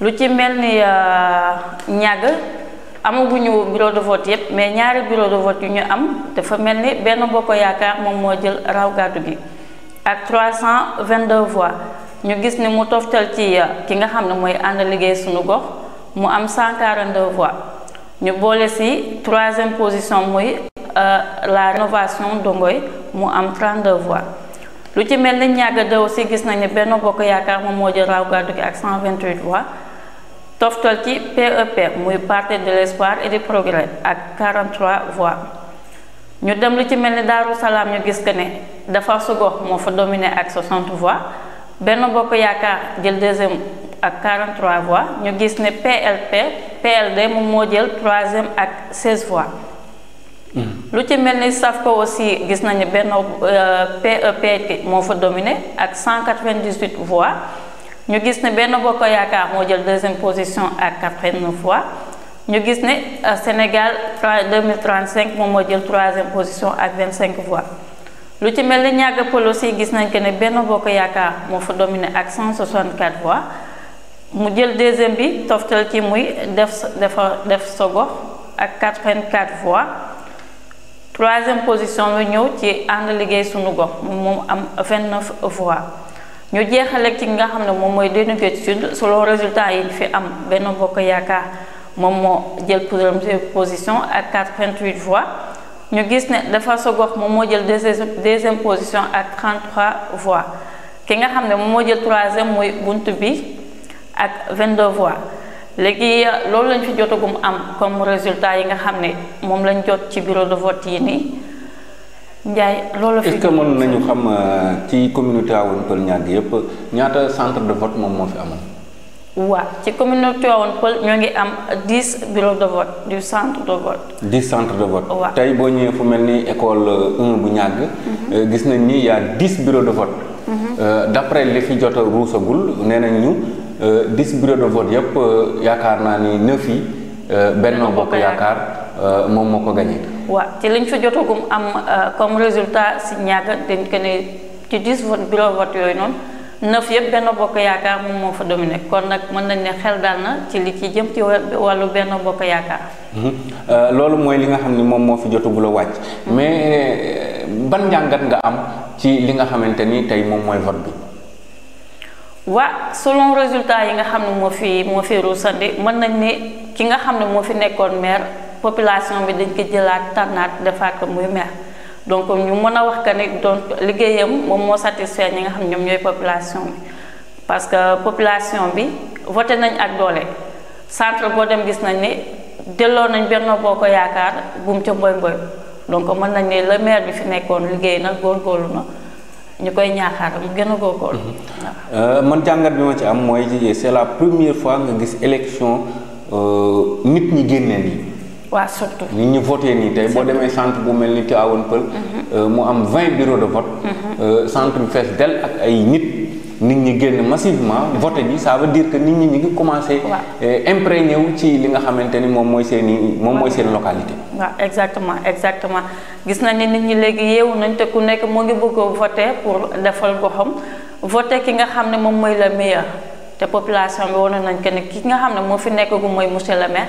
lu ci mel ni euh, ñàgg amaguñu bureau de vote yépp mais ñaari bureau de vote yu ñu am dafa mel ni euh, euh, benn bokk yaakaar moom moo jël raw gàddu gi ak cent vingt 322 voix ñu gis ni mu toftal ci ki nga xam ne mooy ànd liggéey suñu gox mu am cent 142 voix ñu boole si troisième position muy la rénovation Dongoy mu am 32 voix lu ci mel ni ñàgg dew si gis nañu benn bokk yaakaar moom moo jël raw gàddu gi ak 128 voix TOFTOLTI PEP muy de l'espoir et du progrès avec 43 voix Nous sommes lu ci salam, nous 60 voix BENO Bokk deuxième ak 43 voix PLP PLD troisième à 16 voix. Nous hmm. ci aussi PEP mo 198 voix. Nous gis ne benn bokk yaakaar deuxième position à 89 voix. Nous fois ñu gis euh, Sénégal 2035 moom troisième position à 25 voix. fois lu ci mel ni ñàgg pël gis que 164 voix mu jël deuxième bi toftal ci muy def sogo ak 84 voix troisième position nous avons ci ànd Ligue sunu gox 29 voix ñu jeexaleeg ci nga xam ne moom mooy dénégétude solo résultat yi fi am benn bokk yaakaar moom moo jël première position ak 88 voix ñu gis ne dafa sogox moom moo jël deuxième position ak 33 voix ki nga xam ne moom moo jël troisième mooy bunt bi ak 22 voix léegi loolu lañ fi jotagum am comme résultat yi nga xam ne moom lañ jot ci bureau de vote yi nii Ndiaye loolu. est-ce que mën nañu xam euh, ci communauté Tivaouane Peulh Niaga yëpp ñaata centre de vote moom moo fi amoon. waaw ci communauté Tivaouane Peulh ñoo ngi am dix bureaux de vote du centre de vote. tey boo ñëwee fu mel ni école euh, un bu ñàgg. Mhm. Euh, gis nañ ni y a dix bureaux de vote. Mhm. d'après li fi jot a ruusagul nee nañ ñu dix bureaux de vote yëpp yaakaar naa ni neuf yi. Benno Bokk Yaakaar moom moo ko gagné. waaw ci liñ fa jotagum am euh, comme résultat si ñaaga dañ ko ne ci dix vote bureau vote yooyu noonu neuf yëpp benn bokk yaakaar moom moo fa dominé kon nag mën nañ ne xel dal na ci li ci jëm ci wàllu benn bokk yaakaar. Mhm. Euh, loolu mooy li nga xam ni moom moo fi jotagul a wàcc. Mhm. mais euh, ban njàngat nga am ci li nga xamante ni tey moom mooy vote bi. waa selon résultat yi nga xam ne moo fi moo fi ruusandi mën nañ ni ki nga xam ne moo fi nekkoon maire. population bi dañ ko jëlaat tànnaat defaat ko muy maire donc ñu mën a wax que ni donc liggéeyam moom moo satisfait ñi nga xam ñoom ñooy population bi parce que population bi voté nañ ak doole centre boo dem gis nañ ni delloo nañ Benno Bokk Yaakaar buum ca mboy mboy donc mën nañ ne le maire bi fi nekkoon liggéey na góorgóorlu na ñu koy ñaaxaar mu gën a góorgóorlu. Mhm. Euh, man jàngat bi ma ci am mooy c'est la première fois nga gis élection euh, nit ñi génnee nii. waaw surtout nit ñi voté nii tey boo demee centre bu mel ni Tivaouane Peulh. Mhm. Euh, mu am vingt bureaux de vote. Mhm. Euh, centre bi fees del ak ay nit. nit ñi génn massivement voté ji ça veut que nit ñi ñu ngi commencé. Euh, imprégné wu ci li nga xamante ni moom mooy seeni moom mooy seen localité. waa exactement exactement gis nañ ni nit ñi léegi yeewu nañ te ku nekk moo ngi bëgg a voté pour defal goxam voté ki nga xam ne moom mooy le meilleur te population bi wane nañ que ne ki nga xam ne moo fi nekk mooy monsieur le maire.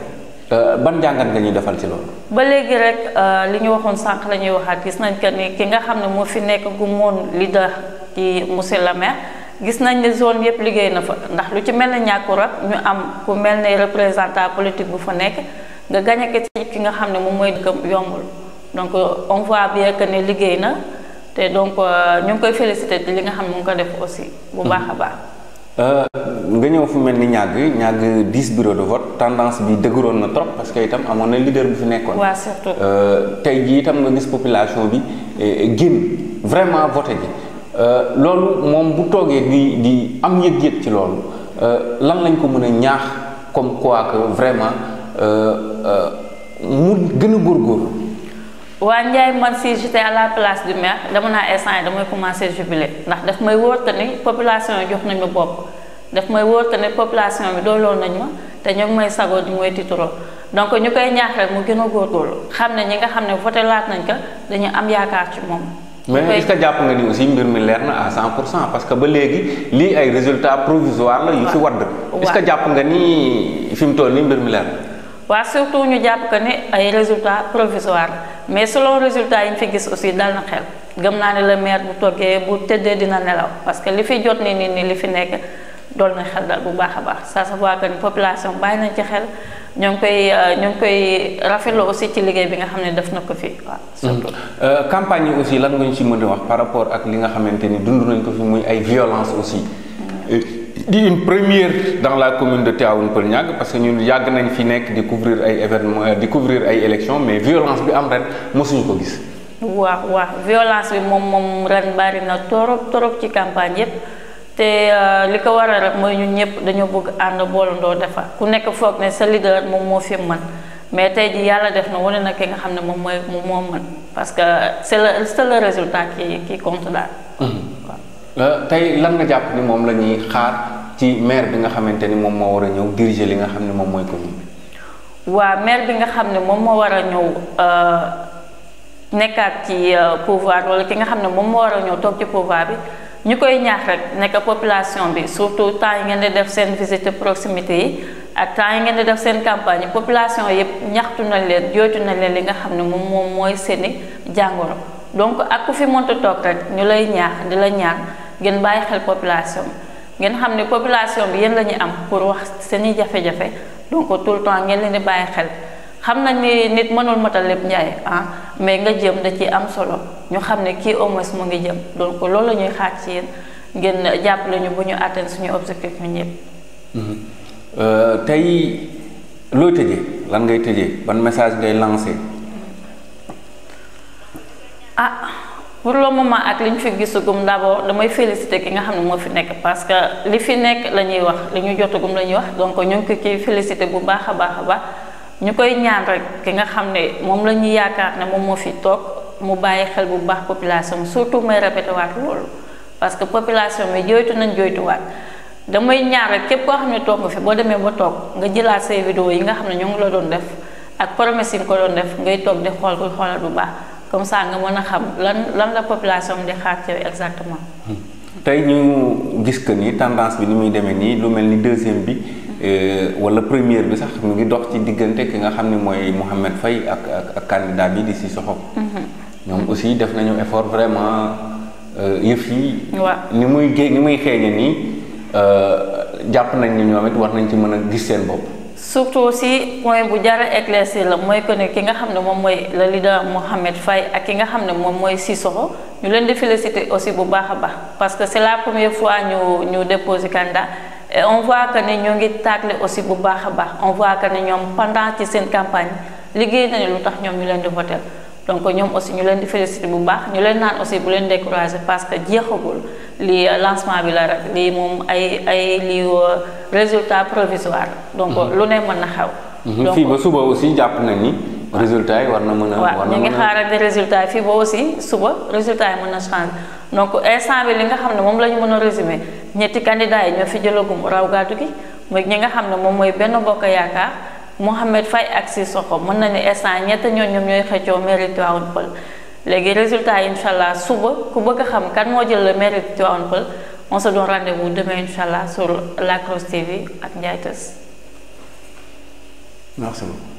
Euh, ban jàngat nga ñuy defal ci loolu. ba léegi rek euh, li ñu waxoon sànq la ñuy waxaat gis nañ que ni ki nga xam ne moo fi nekk gu moon leader ci monsieur le maire gis nañ ne zone yëpp liggéey na fa ndax lu ci mel ne ñàkku ak ñu am ku mel ne représentant politique bu fa nekk nga gañe ko ci ki nga xam ne moom mooy dëkkam yombul donc euh, on voit bien que ne liggéey na te donc ñu ngi koy félicité li nga xam ne mu ngi ko def aussi. bu baax a baax. Euh, nga ñëw fu mel ni ñàgg ñàgg dix bureau de vote tendance bi dëgëroon na trop parce que itam amoon na leader bu fi nekkoon. waaw surtout. Euh, tey jii itam nga gis population bi eh, génn vraiment voté ji euh, loolu moom bu toogee di di am yëg-yëg ci loolu lan lañ ko mën a ñaax comme quoi que vraiment mu gën a góorgóorlu. waa Ndiaye man si j'étais à la place du maire dama naa instant damay commencé jubilé ndax daf may wóor que ni population yi jox nañ ma bopp daf may wóor que ni population bi dooloon nañ ma te ñoo ngi may sagoo di mooy titro donc ñu koy ñaax rek mu gën a góorgóorlu xam ne ñi nga xam ne voté laat nañ ko dañu am yaakaar ci moom. mais est-ce que jàpp nga ni aussi mbir mi leer na à 100 pour cent parce que ba léegi lii ay résultats provisoires la yu fi wadd. est que jàpp nga ni fi mu toll nii mbir mi leer wa surtout ñu jàpp que ne ay résultats provisoires mais selon résultats yi fi gis aussi dal na xel gëm naa ne le maire bu toggee bu tëddee dina nelaw parce que li fi jot ni nit ni li fi nekk dool na xel dal bu baax a baax ça se voit que ni population bàyyi nañ ci xel ñoo ngi koy euh, ñoo ngi koy aussi ci liggéey bi nga xam ne def na ko fi waaw. surtout hmm. euh, campagne aussi lan nga ñu ci mën wax par rapport ak li nga xamante ni dund nañ ko fi muy ay violence aussi. Hmm. Euh, di une première dans la communauté de Tivaoune parce que ñun yàgg nañ fi nekk di couvrir ay événement euh, di couvrir ay élection mais violence bi am ren mosuñu ko gis. wa wa violence bi mom moom ren bari na torop torop ci campagne yépp té euh, li ko rek mooy ñun ñep dañu bëgg ànd boolandoo defar ku nekk fokk né sa leader moom mo fi man mais tay ji yalla def na wane na ki nga xamné ne moom mooy man parce que c'est le c'est résultat qui qui compte là hum. euh tay lan nga japp ni mom lañuy xaar. ci maire bi nga xamanteni ni mo wara ñew diriger li nga xam mom moy commune wa maire bi nga xam mom mo wara ñew euh nekkat ci euh, pouvoir wala ki nga xam mom mo wara ñew tok ci pouvoir bi ñukoy ñaax rek nekk population bi surtout ta yi ngeen di def sen visite proximité ak ta yi ngeen def sen campagne population yëpp ñaxtu nañ leen jooytu nañ leen li nga xam mom mom moy mooy jangoro donc ak ku fi monta tok rek ñu lay ñaax di la ñaax gën baye xel population bi ngeen xam ne population bi yéen la ñu am pour wax seen seeni jafe-jafe donc tout le temps ngeen leen di bàyyi xel xam nañ ni nit mënul matal lépp njaay ah mais nga jëm da ci am solo ñu xam ne kii au moins mu ngi jëm ko loolu la ñuy xaar ci yéen ngeen jàpp lañu bu ñu atteindre suñu objectif ñu ñëpp. Mhm. Euh, tey looy tëjee lan ngay tëjee ban message ngay lancé. ah. pour le moment ak li ñu fi gisagum d'abord damay féliciter ki nga xam ne moo fi nekk parce que li fi nekk la ñuy wax li ñu jotagum la ñuy wax donc ñu ngi ko kii féliciter bu baax a baax a baax ñu koy ñaan rek ki nga xam ne moom la ñuy yaakaar ne moom moo fi toog mu bàyyi xel bu baax population surtout may répété waat loolu parce que population bi jooytu nañ waat damay ñaan rek képp koo xam ne toog nga fi boo demee ba toog nga jëlaat say vidéo yi nga xam ne ñu ngi la doon def ak promesse yi nga ko doon def ngay toog di xool ko xoolal bu baax comme ça nga mëna a xam lan lan la population di xaar ci exactement hmm. tay ñu gis que ni tendance bi ni muy démé ni lu melni deuxième bi euh, wala première bi sax mu ngi dox ci digënté ki nga xam ne mooy Mouhamed ak ak candidat bi di ci soxop mhm. ñom aussi def nañu effort vraiment euh, yef yi ni muy ni muy ni euh japp nañ ni ñoomit war nañ ci mëna gis seen bop surtout aussi point bu jar a éclaircir la mooy que ki nga xam mom moy le leader Mohamed Faye ak ki nga xam mom moy Sissoko ñu leen di féliciter aussi bu baax parce que c'est la première fois ñu ñu déposer candidat et on voit que ne ñoo ngi tàggle aussi bu baax on voit que ne ñoom pendant ci sen campagne liggéey nañu lutax ñom ñu leen di voter donc ñom aussi ñu leen di féliciter bu baax ñu leen naan aussi bu leen décourager parce que jéxagul li euh, lancement bi la rek li mom ay ay li euh, résultat provisoire donc mhm. lu ne mëna na mhm. donc fi ba suba aussi japp nañ ni résultat yi war na mën a waaw ñu di résultat fi ba aussi suba résultat yi mëna na donc instant bi li nga xam mom lañu la résumer ñetti candidat yi ñoo fi jëlagum raw gàddu gi moy ñi nga xam mom moy benn bokk yaakaar Mouhamed Faye ak Sissoko mën na ni instant ñett ñoom ñoom ñooy xëccoo mairie Tivaouane léegi résultat yi incha allah suba ku bëgg a xam kan moo jël le mairie Tivaouane Peulh on se donne rendez-vous allah sur la Cross TV ak Ndiaye